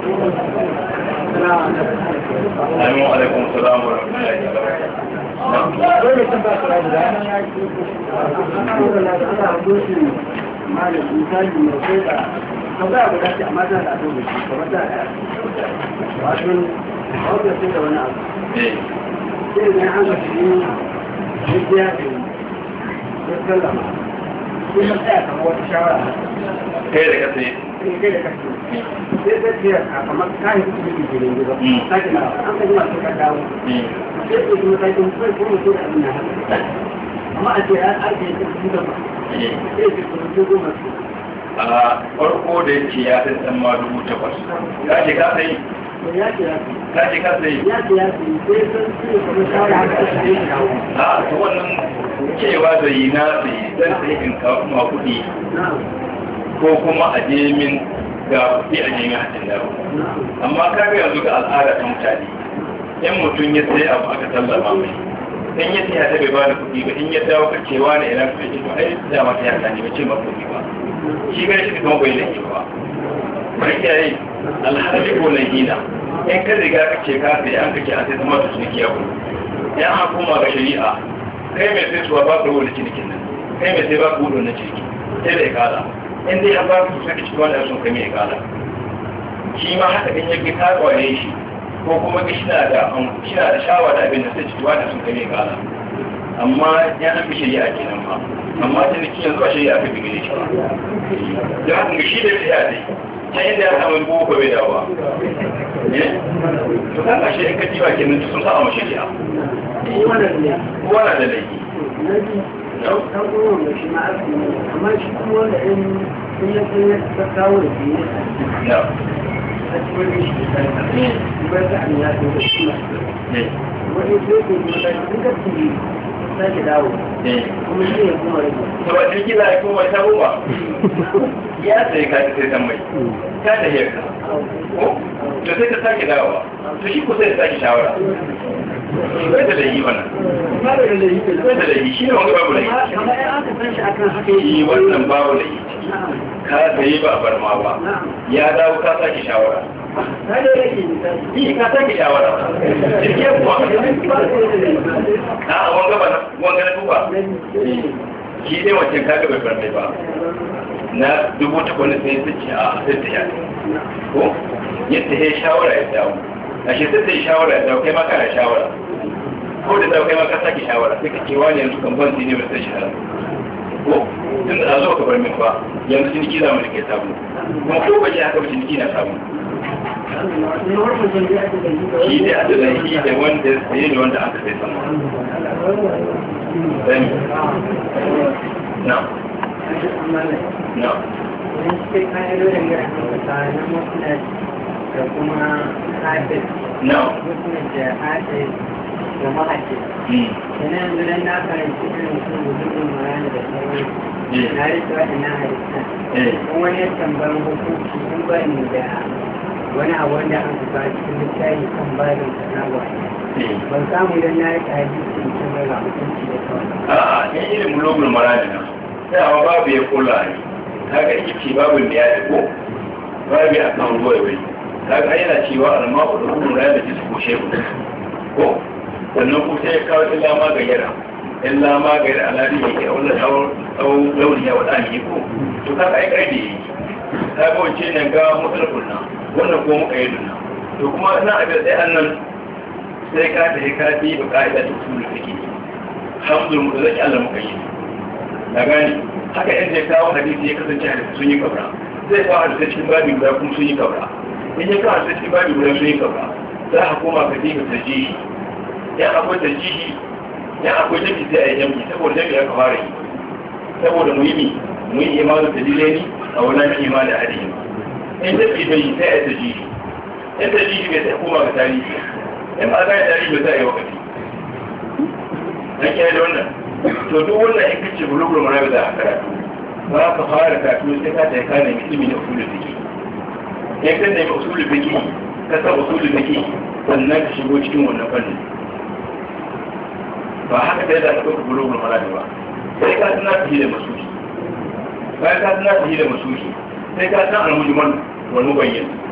Assalamu alaikum salam wa rahmatullahi wa barakatuh. Kai da kasance a farko da ce ya fi ma dubu takwas ya ce ka sai ya ce ka sai ya ce ya sai sai Ya kuma shawara haka shi ne a wannan cewa zai na sai zan sai in kawo kuma kuɗi ko kuma a je min ga kuɗi a jemin hajjin da amma kaga yanzu ga al'ada ta mutane yan mutum ya sai abu aka tallafa mai in ya sai ta bai bani kuɗi ba in ya dawo ka cewa na ina kuɗi ba ai da ma ta yaka ne ba ce ba kuɗi ba shi ga shi kuma bai laifi ba bai yayi alhaji ko hina in ka riga ka ce ka sai an kake a sai zama su ciniki ya kuma yan hukuma ga shari'a kai mai sai suwa ba ka wani cinikin nan kai mai sai ba ka wani cinikin sai da ya kala. in dai an ba su saka cikin wanda sun kai kala shi ma haka din yake ta kwaye shi ko kuma ga shina da shina da shawa da abin da sai cikin wanda sun kai kala amma ya an bi shari'a kenan ba amma tun cikin yanzu a shari'a aka bi gare shi da haka shi da shari'a dai ta yadda ya samu boko bai dawa eh? to kan ashe in ka jiwa kenan sun samu shari'a kowa na da laifi ɗan uwan ya a sai ka ta sai ta mai da ko to sai ta sake to shi ko sai ta sake shawara bai da layi wannan layi shi ne babu layi shi babu layi ka ya dawo ka shawara ka shawara ya na wancan kaga bai barne ba na dubu takwas ne su ce a sai ta yadda ah, ko yadda ya shawara ya dawo a shi sai sai shawara da kai maka da shawara ko da kai maka saki shawara sai ka ce wani yanzu kan ban ne ba sai shi ko tun da zo ka bar min ba yanzu shi za mu rike samu kuma ko ba ji haka ciniki na samu shi da da shi da wanda sai ne wanda aka sai samu na na da kuma hafiz mutumin da hafiz da mahaji yana hmm. yanzu don na karanci irin su gudun marana da sauran eh. na rike waɗannan halittar eh. kuma wani tambar hukunci sun bani da wani abu wanda an zuba cikin littafi kan na sanawa eh. ban samu don na rike hadisin kuma ga hukunci da sauran. a'a yan irin mulogul marana na sai amma babu ya kula ne kaga ita ce babu da ya ko babu a kan ruwa ya wani kaga yana cewa alma'u da kuma la da kushe shehu ko wannan ko sai ya kawo illa ma ga yara illa ma ga yara aladi yake a wannan tsawon launi ya wada ne ko to kaga ai kai ne ga wance nan ga mutarkun nan wannan ko muka yi dunna to kuma ina abin sai annan sai ka ta yi kafi da ka'ida da usul fiqh hamdul mutazaki Allah muka yi na gani haka yanzu ya kawo hadisi ya kasance hadisi sun yi kabra zai kawo hadisi cikin babin da kuma sun yi kabra in ya kawo ta shi babu wurin mai gaba za a koma ka dinga ta jihi ya akwai ta jihi ya akwai jami sai a yi jami saboda jami ya kamar yi saboda muhimmi mu yi imanu ta dilani a wani ima da adi in jami bai sai a yi ta jihi in ta jihi bai sai koma ga tarihi in ba za a tarihi bai sai a yi wakati an kiyaye da wannan to duk wannan in kace bulugul marabi da karatu ba ka fara karatu sai ka ta kana mutumin da kullu take ya kan da usulul fiqh sannan ka shigo cikin wannan fannin ba haka sai da ka gulo gulo mara ba sai ka da masuki sai ka tana fi da masuki sai ka tana al